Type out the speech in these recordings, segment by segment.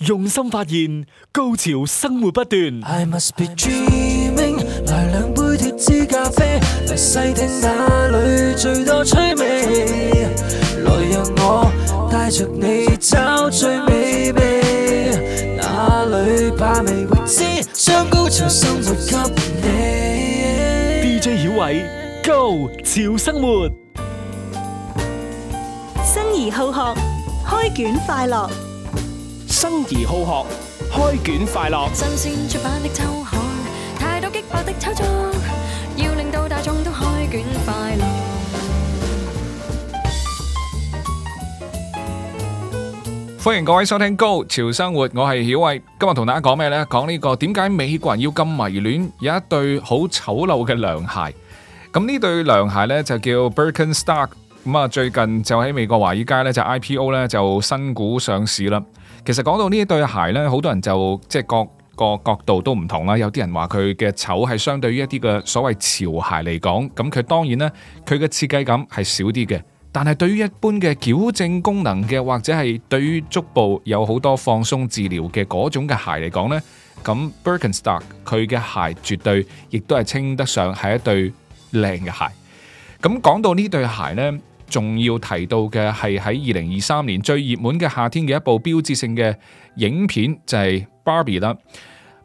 用心發現，高潮生活不斷。DJ 小薇，Go 潮生活，生而好學，開卷快樂。生而好學，開卷快樂。新鮮出版的《秋海》，太多激發的炒作，要令到大眾都開卷快樂。歡迎各位收聽《Go 潮生活》，我係曉慧。今日同大家講咩呢？講呢個點解美國人要咁迷戀有一對好醜陋嘅涼鞋？咁呢對涼鞋呢，就叫 Birkenstock。咁啊，最近就喺美國華爾街呢，就 IPO 呢，就新股上市啦。其實講到呢一對鞋呢，好多人就即係各個角度都唔同啦。有啲人話佢嘅醜係相對於一啲嘅所謂潮鞋嚟講，咁佢當然呢，佢嘅設計感係少啲嘅。但係對於一般嘅矯正功能嘅，或者係對於足部有好多放鬆治療嘅嗰種嘅鞋嚟講呢，咁 Birkenstock 佢嘅鞋絕對亦都係稱得上係一對靚嘅鞋。咁講到呢對鞋呢。仲要提到嘅係喺二零二三年最熱門嘅夏天嘅一部標誌性嘅影片就係《芭比》啦。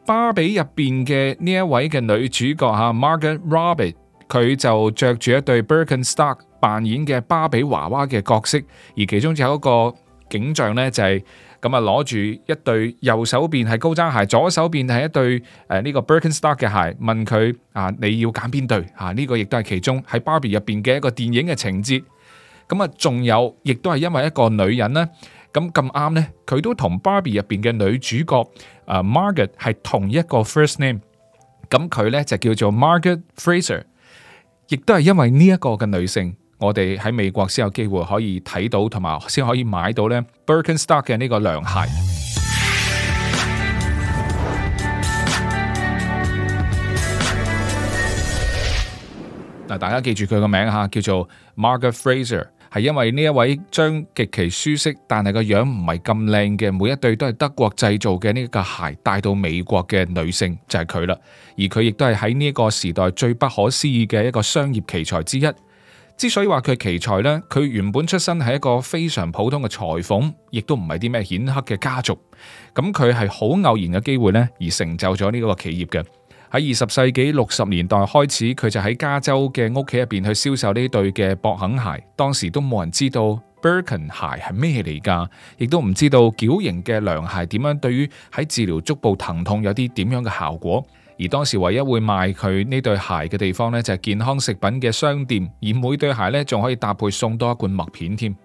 芭比入邊嘅呢一位嘅女主角吓 Margaret Robbie，佢就着住一對 Birkenstock 扮演嘅芭比娃娃嘅角色。而其中仲有一個景象呢，就係咁啊攞住一對右手邊係高踭鞋，左手邊係一對誒呢個 Birkenstock 嘅鞋，問佢啊你要揀邊對啊？呢個亦都係其中喺《芭比》入邊嘅一個電影嘅情節。咁啊，仲有，亦都係因為一個女人呢。咁咁啱呢，佢都同 Barbie 入邊嘅女主角 Margaret 係同一個 first name，咁佢呢，就叫做 Margaret Fraser，亦都係因為呢一個嘅女性，我哋喺美國先有機會可以睇到，同埋先可以買到呢 Birkenstock 嘅呢個涼鞋。嗱， 大家記住佢個名吓，叫做 Margaret Fraser。係因為呢一位將極其舒適，但係個樣唔係咁靚嘅，每一對都係德國製造嘅呢一個鞋帶到美國嘅女性就係佢啦。而佢亦都係喺呢一個時代最不可思議嘅一個商業奇才之一。之所以話佢奇才呢，佢原本出身係一個非常普通嘅裁縫，亦都唔係啲咩顯赫嘅家族。咁佢係好偶然嘅機會呢，而成就咗呢一個企業嘅。喺二十世紀六十年代開始，佢就喺加州嘅屋企入邊去銷售呢對嘅薄肯鞋。當時都冇人知道 Berkin 鞋係咩嚟㗎，亦都唔知道矯形嘅涼鞋點樣對於喺治療足部疼痛有啲點樣嘅效果。而當時唯一會賣佢呢對鞋嘅地方呢，就係健康食品嘅商店，而每對鞋呢，仲可以搭配送多一罐麥片添。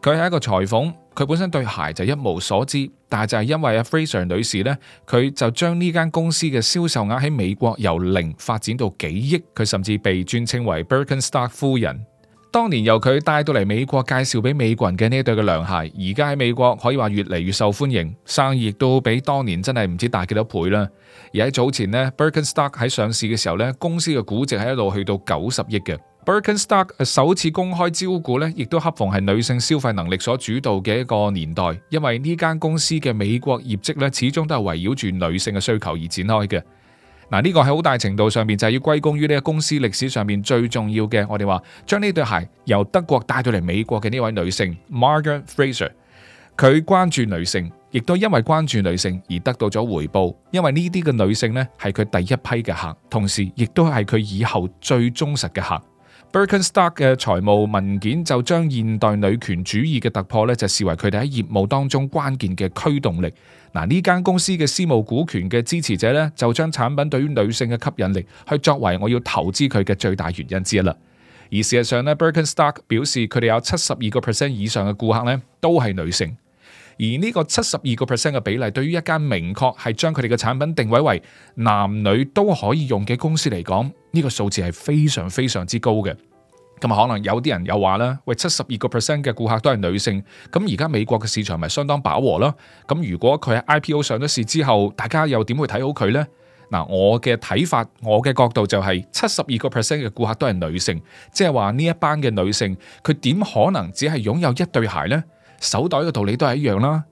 佢係一個裁縫，佢本身對鞋就一無所知，但係就係因為阿 Fraser 女士呢，佢就將呢間公司嘅銷售額喺美國由零發展到幾億，佢甚至被尊稱為 Birkenstock 夫人。當年由佢帶到嚟美國介紹俾美國人嘅呢對嘅涼鞋，而家喺美國可以話越嚟越受歡迎，生意亦都比當年真係唔知大幾多倍啦。而喺早前呢，Birkenstock 喺上市嘅時候呢，公司嘅估值係一路去到九十億嘅。Birkenstock 首次公開招股咧，亦都恰逢係女性消費能力所主導嘅一個年代，因為呢間公司嘅美國業績咧，始終都係圍繞住女性嘅需求而展開嘅。嗱，呢個喺好大程度上面就係要歸功於呢個公司歷史上面最重要嘅，我哋話將呢對鞋由德國帶到嚟美國嘅呢位女性 Margaret Fraser，佢關注女性，亦都因為關注女性而得到咗回報，因為呢啲嘅女性呢係佢第一批嘅客，同時亦都係佢以後最忠實嘅客。Birkenstock 嘅財務文件就將現代女權主義嘅突破咧，就視為佢哋喺業務當中關鍵嘅驅動力。嗱，呢間公司嘅私募股權嘅支持者咧，就將產品對於女性嘅吸引力，去作為我要投資佢嘅最大原因之一啦。而事實上咧，Birkenstock 表示佢哋有七十二個 percent 以上嘅顧客咧，都係女性。而呢個七十二個 percent 嘅比例，對於一間明確係將佢哋嘅產品定位為男女都可以用嘅公司嚟講，呢個數字係非常非常之高嘅。咁啊，可能有啲人又話啦：喂，七十二個 percent 嘅顧客都係女性，咁而家美國嘅市場咪相當飽和咯？咁如果佢喺 IPO 上咗市之後，大家又點會睇好佢呢？嗱，我嘅睇法，我嘅角度就係七十二個 percent 嘅顧客都係女性，即係話呢一班嘅女性，佢點可能只係擁有一對鞋呢？手袋嘅道理都係一樣啦，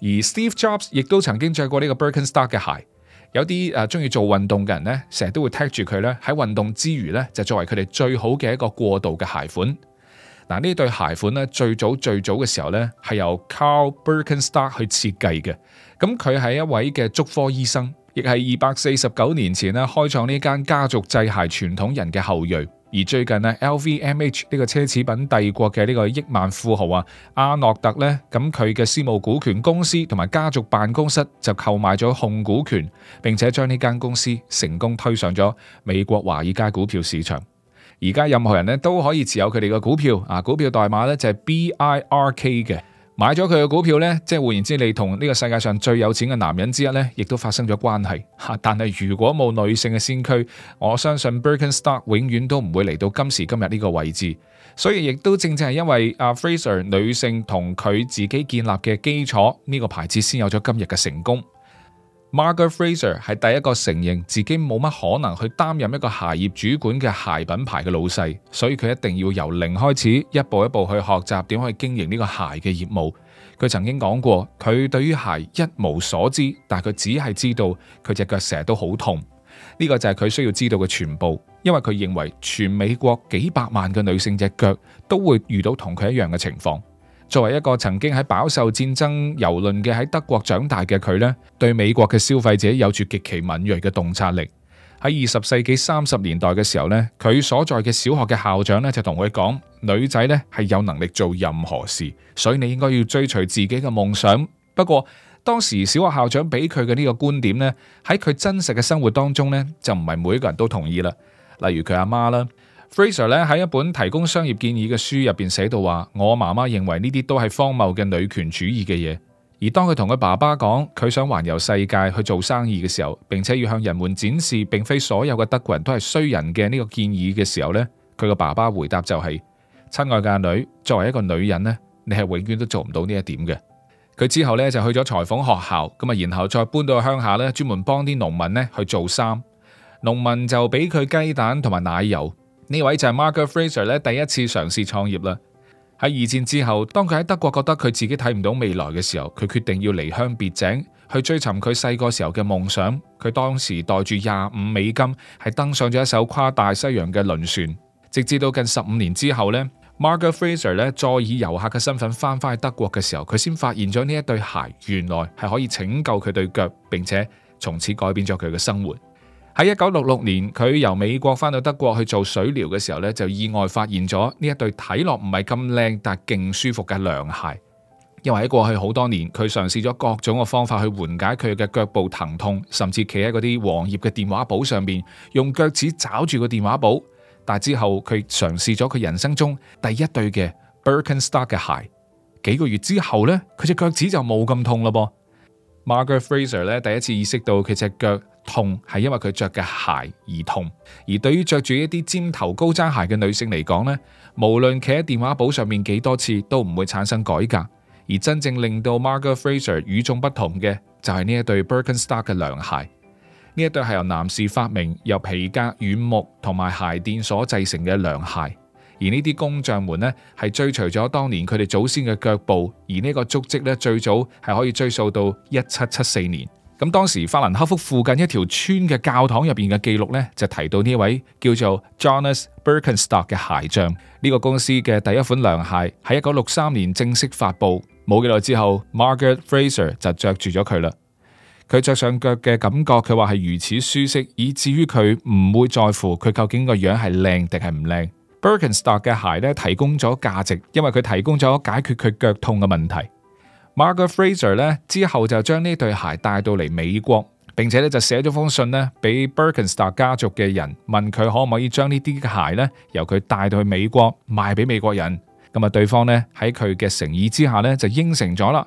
而 Steve Jobs 亦都曾經着過呢個 Birkenstock 嘅鞋。有啲誒中意做運動嘅人呢，成日都會踢住佢呢，喺運動之餘呢，就作為佢哋最好嘅一個過渡嘅鞋款。嗱，呢對鞋款呢，最早最早嘅時候呢，係由 Carl Birkenstock 去設計嘅。咁佢係一位嘅足科醫生，亦係二百四十九年前呢，開創呢間家族製鞋傳統人嘅後裔。而最近呢 LVMH 呢個奢侈品帝國嘅呢個億萬富豪啊，阿諾特呢，咁佢嘅私募股權公司同埋家族辦公室就購買咗控股權，並且將呢間公司成功推上咗美國華爾街股票市場。而家任何人呢都可以持有佢哋嘅股票啊，股票代碼呢就係 BIRK 嘅。買咗佢嘅股票呢，即係換言之，你同呢個世界上最有錢嘅男人之一呢，亦都發生咗關係。吓，但係如果冇女性嘅先驅，我相信 Birkenstock 永遠都唔會嚟到今時今日呢個位置。所以亦都正正係因為阿 Fraser 女性同佢自己建立嘅基礎，呢、這個牌子先有咗今日嘅成功。Margaret Fraser 係第一個承認自己冇乜可能去擔任一個鞋業主管嘅鞋品牌嘅老細，所以佢一定要由零開始，一步一步去學習點去經營呢個鞋嘅業務。佢曾經講過，佢對於鞋一無所知，但係佢只係知道佢隻腳成日都好痛。呢個就係佢需要知道嘅全部，因為佢認為全美國幾百萬嘅女性隻腳都會遇到同佢一樣嘅情況。作為一個曾經喺飽受戰爭蹂躪嘅喺德國長大嘅佢呢，對美國嘅消費者有住極其敏銳嘅洞察力。喺二十世紀三十年代嘅時候呢，佢所在嘅小學嘅校長呢，就同佢講：女仔呢係有能力做任何事，所以你應該要追隨自己嘅夢想。不過當時小學校長俾佢嘅呢個觀點呢，喺佢真實嘅生活當中呢，就唔係每一個人都同意啦。例如佢阿媽啦。Fraser 咧喺一本提供商業建議嘅書入邊寫到話：，我媽媽認為呢啲都係荒謬嘅女權主義嘅嘢。而當佢同佢爸爸講佢想環遊世界去做生意嘅時候，並且要向人們展示，並非所有嘅德國人都係衰人嘅呢個建議嘅時候呢佢個爸爸回答就係：，親愛嘅女，作為一個女人呢，你係永遠都做唔到呢一點嘅。佢之後呢，就去咗裁縫學校，咁啊，然後再搬到鄉下呢專門幫啲農民去做衫，農民就俾佢雞蛋同埋奶油。呢位就係 Margaret Fraser 第一次嘗試創業啦。喺二戰之後，當佢喺德國覺得佢自己睇唔到未來嘅時候，佢決定要離鄉別井去追尋佢細個時候嘅夢想。佢當時帶住廿五美金，係登上咗一艘跨大西洋嘅輪船，直至到近十五年之後咧，Margaret Fraser 再以遊客嘅身份翻返去德國嘅時候，佢先發現咗呢一對鞋原來係可以拯救佢對腳，並且從此改變咗佢嘅生活。喺一九六六年，佢由美國翻到德國去做水療嘅時候咧，就意外發現咗呢一對睇落唔係咁靚，但係勁舒服嘅涼鞋。因為喺過去好多年，佢嘗試咗各種嘅方法去緩解佢嘅腳部疼痛，甚至企喺嗰啲黃頁嘅電話簿上邊，用腳趾抓住個電話簿。但之後，佢嘗試咗佢人生中第一對嘅 Birkenstock 嘅鞋。幾個月之後呢，佢隻腳趾就冇咁痛啦噃。Margaret Fraser 咧，第一次意識到佢隻腳痛係因為佢着嘅鞋而痛，而對於着住一啲尖頭高踭鞋嘅女性嚟講呢，無論企喺電話簿上面幾多次，都唔會產生改革。而真正令到 Margaret Fraser 與眾不同嘅，就係呢一對 Birkenstock 嘅涼鞋。呢一對係由男士發明由皮革、軟木同埋鞋墊所製成嘅涼鞋。而呢啲工匠們呢，係追隨咗當年佢哋祖先嘅腳步，而呢個足跡呢，最早係可以追溯到一七七四年。咁當時法蘭克福附近一條村嘅教堂入面嘅記錄咧，就提到呢位叫做 Jonas Birkenstock 嘅鞋匠。呢、呢個公司嘅第一款涼鞋喺一九六三年正式發布，冇幾耐之後，Margaret Fraser 就着住咗佢啦。佢着上腳嘅感覺，佢話係如此舒適，以至於佢唔會在乎佢究竟個樣係靚定係唔靚。Birkenstock 嘅鞋咧，提供咗價值，因為佢提供咗解決佢腳痛嘅問題。Margaret Fraser 咧，之後就將呢對鞋帶到嚟美國，並且咧就寫咗封信咧俾 Birkenstock 家族嘅人，問佢可唔可以將呢啲嘅鞋咧由佢帶到去美國賣俾美國人。咁啊，對方咧喺佢嘅誠意之下咧就應承咗啦。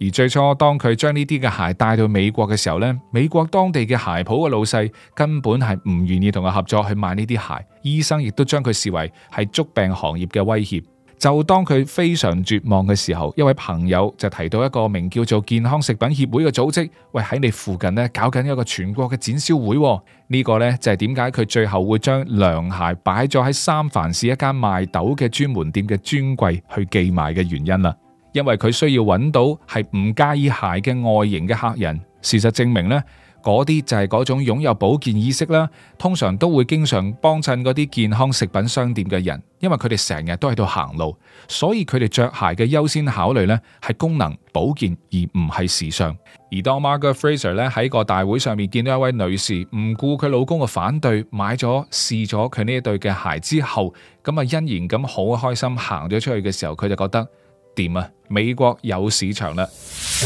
而最初當佢將呢啲嘅鞋帶去美國嘅時候咧，美國當地嘅鞋鋪嘅老細根本係唔願意同佢合作去賣呢啲鞋，醫生亦都將佢視為係足病行業嘅威脅。就當佢非常絕望嘅時候，一位朋友就提到一個名叫做健康食品協會嘅組織，喂，喺你附近呢搞緊一個全國嘅展銷會。哦、呢、呢個呢，就係點解佢最後會將涼鞋擺咗喺三藩市一間賣豆嘅專門店嘅專櫃去寄賣嘅原因啦，因為佢需要揾到係唔介意鞋嘅外形嘅客人。事實證明呢，嗰啲就係嗰種擁有保健意識啦，通常都會經常幫襯嗰啲健康食品商店嘅人，因為佢哋成日都喺度行路，所以佢哋着鞋嘅優先考慮呢係功能保健而唔係時尚。而當 Margaret Fraser 咧，喺個大會上面見到一位女士唔顧佢老公嘅反對，買咗試咗佢呢一對嘅鞋之後，咁啊，欣然咁好開心行咗出去嘅時候，佢就覺得掂啊，美國有市場啦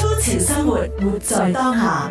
！Go 潮生活，活在當下。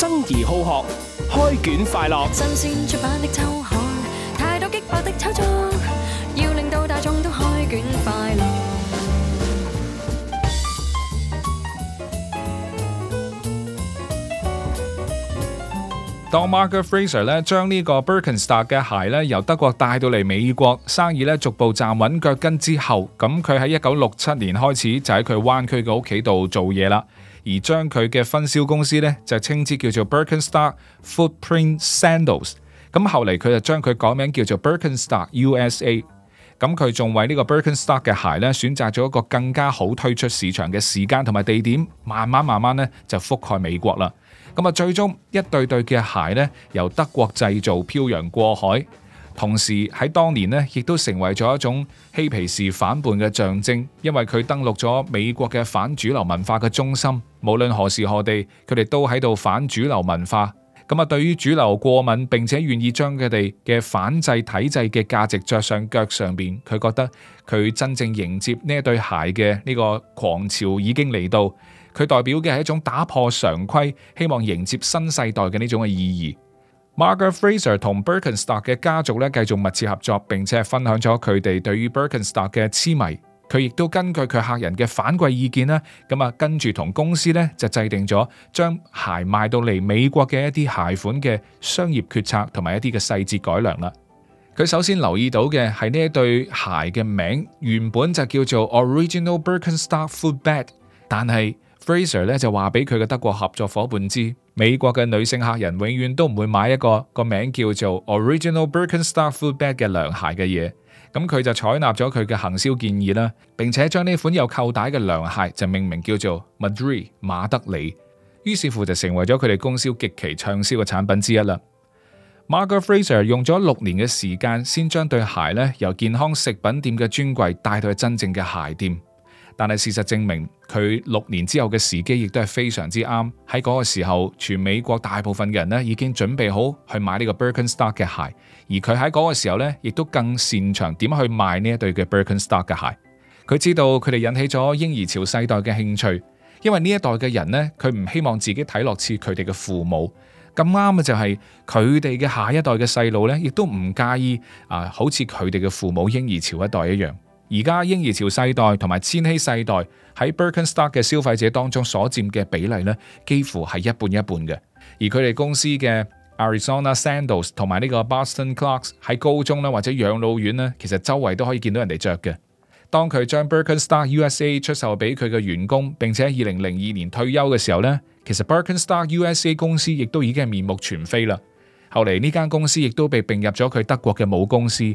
生而好學，開卷快樂。新鮮出版的周刊，太多激發的炒作，要令到大眾都開卷快樂。當 Margaret Fraser 咧將呢個 Birkenstock 嘅鞋咧由德國帶到嚟美國，生意咧逐步站穩腳跟之後，咁佢喺一九六七年開始就喺佢灣區嘅屋企度做嘢啦。而將佢嘅分銷公司咧就稱之叫做 Birkenstock Footprint Sandals，咁後嚟佢就將佢改名叫做 Birkenstock USA，咁佢仲為呢個 Birkenstock 嘅鞋咧選擇咗一個更加好推出市場嘅時間同埋地點，慢慢慢慢咧就覆蓋美國啦，咁啊最終一對對嘅鞋咧由德國製造漂洋過海。同時喺當年呢，亦都成為咗一種嬉皮士反叛嘅象徵，因為佢登陸咗美國嘅反主流文化嘅中心。無論何時何地，佢哋都喺度反主流文化。咁啊，對於主流過敏，並且願意將佢哋嘅反制體制嘅價值着上腳上邊，佢覺得佢真正迎接呢一對鞋嘅呢個狂潮已經嚟到。佢代表嘅係一種打破常規，希望迎接新世代嘅呢種嘅意義。Margaret Fraser 同 Birkenstock 嘅家族咧繼續密切合作，並且分享咗佢哋對於 Birkenstock 嘅痴迷。佢亦都根據佢客人嘅反饋意見咧，咁啊跟住同公司咧就制定咗將鞋賣到嚟美國嘅一啲鞋款嘅商業決策同埋一啲嘅細節改良啦。佢首先留意到嘅係呢一對鞋嘅名字，原本就叫做 Original Birkenstock Footbed，但係 Fraser 咧就話俾佢嘅德國合作伙伴知。美國嘅女性客人永遠都唔會買一個一個名叫做 Original Birkenstock Footbed 嘅涼鞋嘅嘢，咁佢就採納咗佢嘅行銷建議啦，並且將呢款有扣帶嘅涼鞋就命名叫做 Madrid 馬德里，於是乎就成為咗佢哋公司極其暢銷嘅產品之一啦。Margaret Fraser 用咗六年嘅時間，先將對鞋咧由健康食品店嘅專櫃帶到去真正嘅鞋店。但係事實證明，佢六年之後嘅時機亦都係非常之啱。喺嗰個時候，全美國大部分嘅人呢已經準備好去買呢個 Birkenstock 嘅鞋，而佢喺嗰個時候呢，亦都更擅長點去賣呢一對嘅 Birkenstock 嘅鞋。佢知道佢哋引起咗嬰兒潮世代嘅興趣，因為呢一代嘅人呢，佢唔希望自己睇落似佢哋嘅父母。咁啱嘅就係佢哋嘅下一代嘅細路呢，亦都唔介意啊，好似佢哋嘅父母嬰兒潮一代一樣。而家嬰兒潮世代同埋千禧世代喺 Birkenstock 嘅消費者當中所佔嘅比例呢，幾乎係一半一半嘅。而佢哋公司嘅 Arizona Sandals 同埋呢個 Boston Clocks 喺高中咧或者養老院呢，其實周圍都可以見到人哋着嘅。當佢將 Birkenstock USA 出售俾佢嘅員工並且二零零二年退休嘅時候呢，其實 Birkenstock USA 公司亦都已經係面目全非啦。後嚟呢間公司亦都被並入咗佢德國嘅母公司。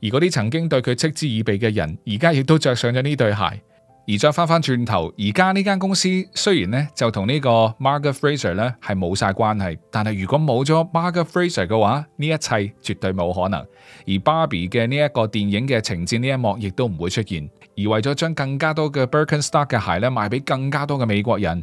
而嗰啲曾經對佢嗤之以鼻嘅人，而家亦都着上咗呢對鞋。而再翻翻轉頭，而家呢間公司雖然呢就同呢個 Margot Fraser 呢係冇晒關係，但係如果冇咗 Margot Fraser 嘅話，呢一切絕對冇可能。而 Barbie 嘅呢一個電影嘅情節呢一幕，亦都唔會出現。而為咗將更加多嘅 Birkenstock 嘅鞋呢賣俾更加多嘅美國人。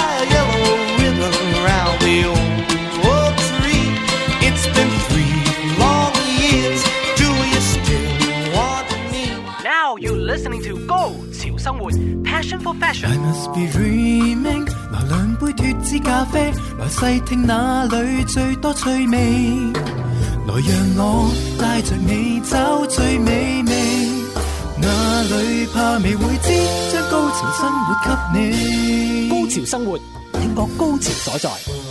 生活，passion for fashion。I must be dreaming。來兩杯脱脂咖啡，來細聽哪裏最多趣味。來讓我帶著你找最美味，哪裏怕未會知，將高潮生活給你。高潮生活，聽覺高潮所在。